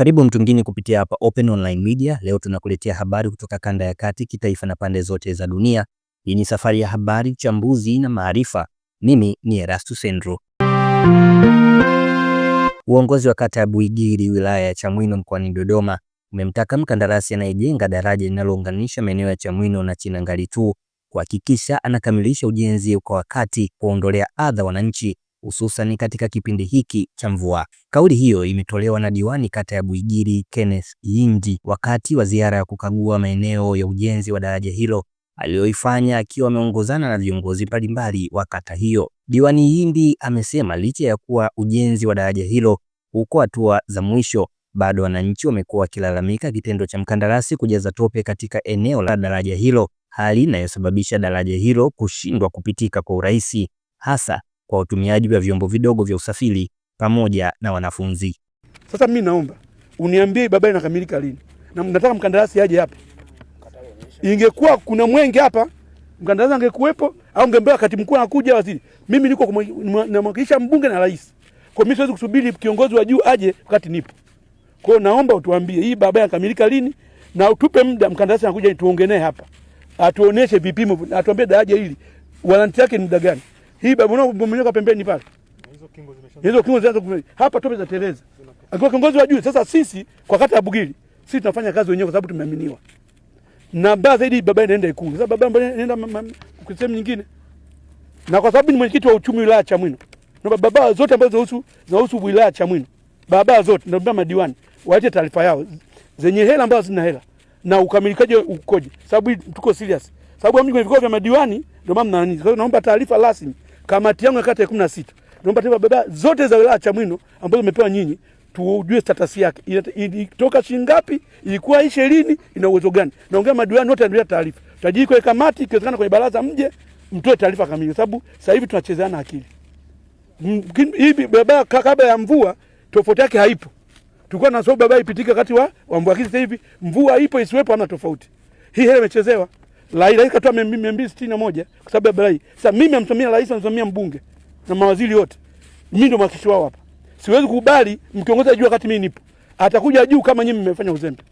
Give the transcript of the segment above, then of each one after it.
Karibu Mtungini kupitia hapa Open Online Media. Leo tunakuletea habari kutoka kanda ya kati, kitaifa na pande zote za dunia. Hii ni safari ya habari, chambuzi na maarifa. Mimi ni Erastus Sendro. Uongozi wa kata ya Buigiri wilaya ya Chamwino mkoani Dodoma umemtaka mkandarasi anayejenga daraja linalounganisha maeneo ya Chamwino na Chinangali tu kuhakikisha anakamilisha ujenzi kwa wakati, kuondolea adha wananchi hususan katika kipindi hiki cha mvua. Kauli hiyo imetolewa na diwani kata ya Buigiri Kenneth Yindi wakati wa ziara ya kukagua maeneo ya ujenzi wa daraja hilo aliyoifanya akiwa ameongozana na viongozi mbalimbali wa kata hiyo. Diwani Yindi amesema licha ya kuwa ujenzi wa daraja hilo uko hatua za mwisho, bado wananchi wamekuwa wakilalamika kitendo cha mkandarasi kujaza tope katika eneo la daraja hilo, hali inayosababisha daraja hilo kushindwa kupitika kwa urahisi hasa kwa utumiaji wa vyombo vidogo vya usafiri pamoja na wanafunzi. Sasa mimi naomba uniambie barabara inakamilika lini, na nataka mkandarasi aje hapa. Ingekuwa kuna mwenge hapa, mkandarasi angekuwepo au ngembewa kati mkuu anakuja waziri. Mimi niko namwakilisha mbunge na rais, kwa mimi siwezi kusubiri kiongozi wa juu aje wakati nipo. Kwa hiyo naomba utuambie hii barabara inakamilika lini, na utupe muda mkandarasi anakuja tuongelee hapa, atuoneshe vipimo, atuambie daraja hili waranti yake ni muda gani. Hii babu yangu mmenyoka pembeni pale. Hizo kingo zimeshaanza. Hizo kingo zianza kumeza. Hapa tope za teleza. Akiwa kiongozi wa juu sasa sisi kwa kata ya Bugili, sisi tunafanya kazi wenyewe kwa sababu tumeaminiwa. Na baba zaidi baba anaenda Ikulu. Sasa baba anaenda kwa sehemu nyingine. Na kwa sababu ni mwenyekiti wa uchumi wilaya Chamwino. Na baba zote ambazo zinahusu zinahusu wilaya Chamwino. Baba zote na baba madiwani waite taarifa yao zenye hela ambazo zina hela na ukamilikaje ukoje, sababu tuko serious, sababu mimi kwa vikao vya madiwani ndio maana mnanani. Naomba taarifa rasmi Kamati yangu ya kata ya kumi na sita naomba taarifa barabara zote za wilaya Chamwino ambazo umepewa nyinyi, tujue status yake ilitoka shilingi ngapi, ilikuwa ishe lini, ina uwezo gani. Naongea madiwani wote, ndio taarifa tutajii kwenye kamati, ikiwezekana kwenye baraza mje mtoe taarifa kamili, kwa sababu sasa hivi tunachezeana akili. Mm, hivi barabara kabla ya mvua tofauti yake haipo, tulikuwa na sababu barabara ipitike wakati wa mvua, lakini sasa hivi mvua ipo isiwepo, hamna tofauti. Hii hela imechezewa rais katoa mia mbili sitini na moja kwa sababu ya balai. Sasa mimi namsimamia rais, namsimamia mbunge na mawaziri wote, mimi ndio mwakilishi wao hapa. Siwezi kukubali mkiongoza juu wakati mimi nipo. Atakuja juu kama nyinyi mmefanya uzembe.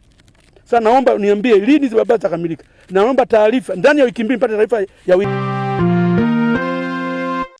Sasa naomba niambie lini hizo zitakamilika. Naomba taarifa ndani ya wiki mbili, nipate taarifa ya wiki.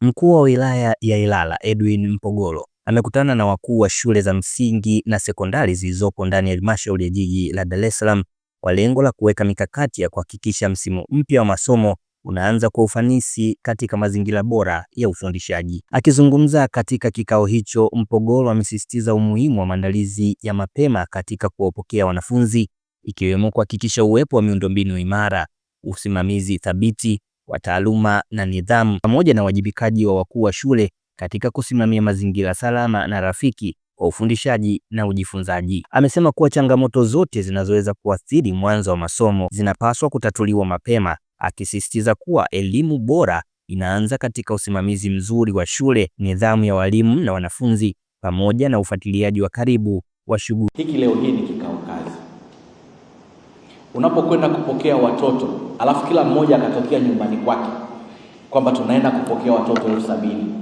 Mkuu wa wilaya ya Ilala Edwin Mpogolo amekutana na wakuu wa shule za msingi na sekondari zilizopo ndani ya halmashauri ya jiji la Dar es Salaam kwa lengo la kuweka mikakati ya kuhakikisha msimu mpya wa masomo unaanza kwa ufanisi katika mazingira bora ya ufundishaji. Akizungumza katika kikao hicho, Mpogolo amesisitiza umuhimu wa maandalizi ya mapema katika kuwapokea wanafunzi, ikiwemo kuhakikisha uwepo wa miundombinu imara, usimamizi thabiti wa taaluma na nidhamu, pamoja na uwajibikaji wa wakuu wa shule katika kusimamia mazingira salama na rafiki wa ufundishaji na ujifunzaji. Amesema kuwa changamoto zote zinazoweza kuathiri mwanzo wa masomo zinapaswa kutatuliwa mapema, akisisitiza kuwa elimu bora inaanza katika usimamizi mzuri wa shule, nidhamu ya walimu na wanafunzi, pamoja na ufuatiliaji wa karibu wa shughuli. Hiki leo hii ni kikao kazi. Unapokwenda kupokea watoto alafu kila mmoja akatokea nyumbani kwake kwamba tunaenda kupokea watoto elfu sabini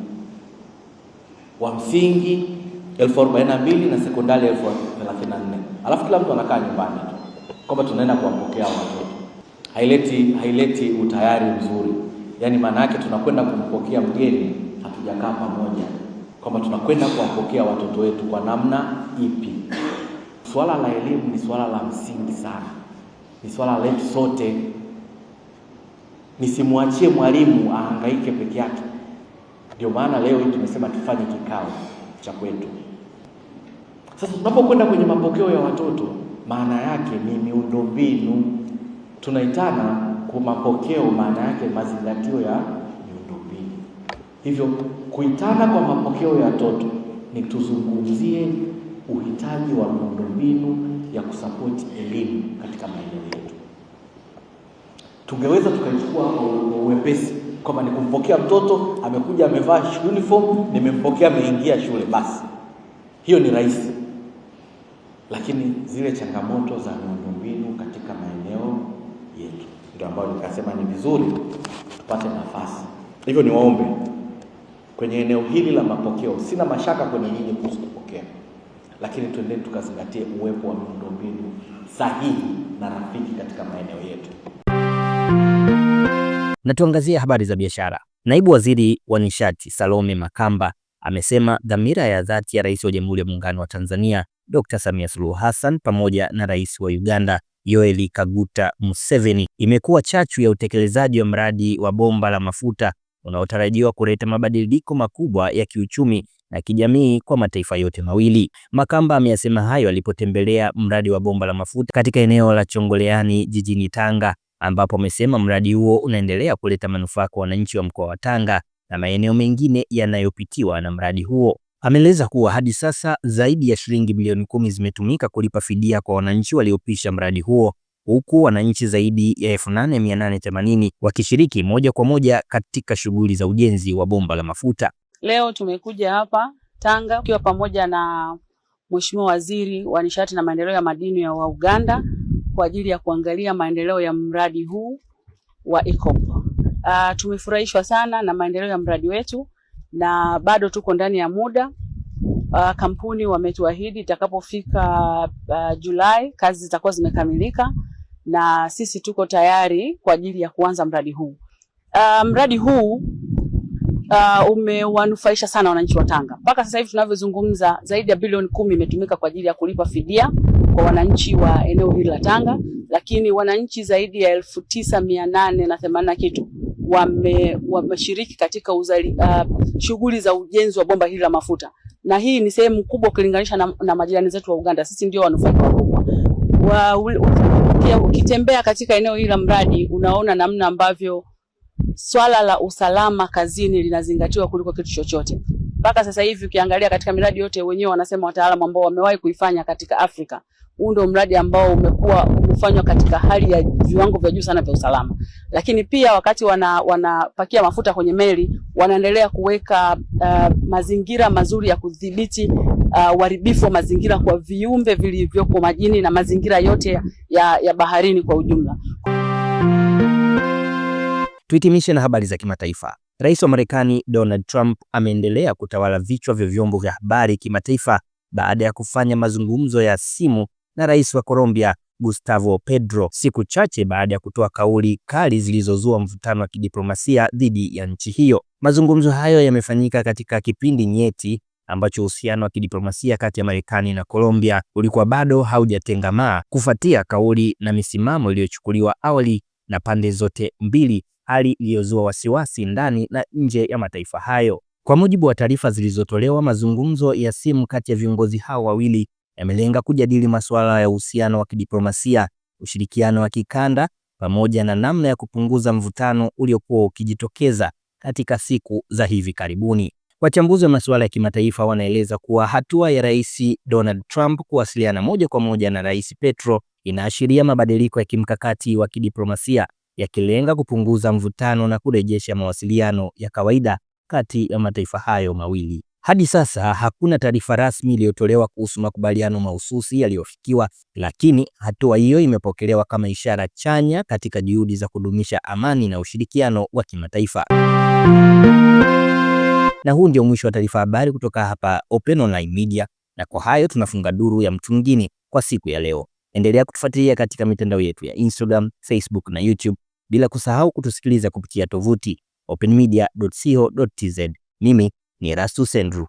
wa msingi elfu arobaini na mbili na sekondari elfu thelathini na nne alafu kila mtu anakaa nyumbani tu kwamba tunaenda kuwapokea watoto. Haileti, haileti utayari mzuri, yaani maana yake tunakwenda kumpokea mgeni, hatujakaa pamoja kwamba tunakwenda kuwapokea watoto wetu kwa namna ipi. Swala la elimu ni swala la msingi sana, ni swala letu sote. Nisimwachie mwalimu ahangaike peke yake. Ndio maana leo hii tumesema tufanye kikao cha kwetu. Sasa tunapokwenda kwenye mapokeo ya watoto, maana yake ni miundombinu. Tunaitana kwa mapokeo, maana yake mazingatio ya miundombinu. Hivyo kuitana kwa mapokeo ya watoto ni tuzungumzie uhitaji wa miundombinu ya kusapoti elimu katika maeneo yetu. Tungeweza tukaichukua kwa uwepesi kwamba ni kumpokea mtoto, amekuja amevaa uniform, nimempokea ameingia shule, basi hiyo ni rahisi lakini zile changamoto za miundombinu katika maeneo yetu, ndio ambayo nikasema ni vizuri tupate nafasi. Hivyo niwaombe kwenye eneo hili la mapokeo, sina mashaka kwenye nyinyi kuhusu kupokea, lakini tuendeni tukazingatie uwepo wa miundombinu sahihi na rafiki katika maeneo yetu. Na tuangazie habari za biashara. Naibu Waziri wa Nishati Salome Makamba amesema dhamira ya dhati ya Rais wa Jamhuri ya Muungano wa Tanzania Dr. Samia Suluhu Hassan pamoja na Rais wa Uganda Yoweri Kaguta Museveni imekuwa chachu ya utekelezaji wa mradi wa bomba la mafuta unaotarajiwa kuleta mabadiliko makubwa ya kiuchumi na kijamii kwa mataifa yote mawili. Makamba ameyasema hayo alipotembelea mradi wa bomba la mafuta katika eneo la Chongoleani jijini Tanga, ambapo amesema mradi huo unaendelea kuleta manufaa kwa wananchi wa mkoa wa Tanga na maeneo mengine yanayopitiwa na mradi huo. Ameeleza kuwa hadi sasa zaidi ya shilingi bilioni kumi zimetumika kulipa fidia kwa wananchi waliopisha mradi huo huku wananchi zaidi ya 8880 wakishiriki moja kwa moja katika shughuli za ujenzi wa bomba la mafuta. Leo tumekuja hapa Tanga ukiwa pamoja na Mheshimiwa Waziri wa Nishati na Maendeleo ya Madini ya wa Uganda kwa ajili ya kuangalia maendeleo ya mradi huu wa EACOP. Uh, ah, tumefurahishwa sana na maendeleo ya mradi wetu na bado tuko ndani ya muda. Uh, kampuni wametuahidi itakapofika uh, Julai kazi zitakuwa zimekamilika na sisi tuko tayari kwa ajili ya kuanza mradi huu. Uh, mradi huu uh, umewanufaisha sana wananchi wa Tanga. Mpaka sasa hivi tunavyozungumza, zaidi ya bilioni kumi imetumika kwa ajili ya kulipa fidia kwa wananchi wa eneo hili la Tanga, lakini wananchi zaidi ya elfu tisa mia nane na themanini na kitu wame, wameshiriki katika uzali, uh, shughuli za ujenzi wa bomba hili la mafuta, na hii ni sehemu kubwa ukilinganisha na, na majirani zetu wa Uganda. Sisi ndio wanufaika wakubwa wa, ukitembea katika eneo hili la mradi unaona namna ambavyo swala la usalama kazini linazingatiwa kuliko kitu chochote mpaka sasa hivi ukiangalia katika miradi yote wenyewe wanasema wataalamu ambao wamewahi kuifanya katika Afrika, huu ndio mradi ambao umekuwa umefanywa katika hali ya viwango vya juu sana vya usalama. Lakini pia wakati wana wanapakia mafuta kwenye meli wanaendelea kuweka uh, mazingira mazuri ya kudhibiti uh, uharibifu wa mazingira kwa viumbe vilivyoko majini na mazingira yote ya, ya baharini kwa ujumla. Tuhitimishe na habari za kimataifa. Rais wa Marekani Donald Trump ameendelea kutawala vichwa vya vyombo vya habari kimataifa baada ya kufanya mazungumzo ya simu na Rais wa Colombia Gustavo Petro siku chache baada ya kutoa kauli kali zilizozua mvutano wa kidiplomasia dhidi ya nchi hiyo. Mazungumzo hayo yamefanyika katika kipindi nyeti ambacho uhusiano wa kidiplomasia kati ya Marekani na Colombia ulikuwa bado haujatengamaa kufuatia kauli na misimamo iliyochukuliwa awali na pande zote mbili hali iliyozua wasiwasi ndani na nje ya mataifa hayo. Kwa mujibu wa taarifa zilizotolewa, mazungumzo ya simu kati ya viongozi hao wawili yamelenga kujadili masuala ya uhusiano wa kidiplomasia, ushirikiano wa kikanda pamoja na namna ya kupunguza mvutano uliokuwa ukijitokeza katika siku za hivi karibuni. Wachambuzi wa masuala ya kimataifa wanaeleza kuwa hatua ya Rais Donald Trump kuwasiliana moja kwa moja na Rais Petro inaashiria mabadiliko ya kimkakati wa kidiplomasia yakilenga kupunguza mvutano na kurejesha mawasiliano ya kawaida kati ya mataifa hayo mawili. Hadi sasa hakuna taarifa rasmi iliyotolewa kuhusu makubaliano mahususi yaliyofikiwa, lakini hatua hiyo imepokelewa kama ishara chanya katika juhudi za kudumisha amani na ushirikiano wa kimataifa. Na huu ndio mwisho wa taarifa habari kutoka hapa Open Online Media, na kwa hayo tunafunga duru ya mtungini kwa siku ya leo. Endelea kutufuatilia katika mitandao yetu ya Instagram, Facebook na YouTube bila kusahau kutusikiliza kupitia tovuti openmedia.co.tz. Mimi ni erastus Sendru.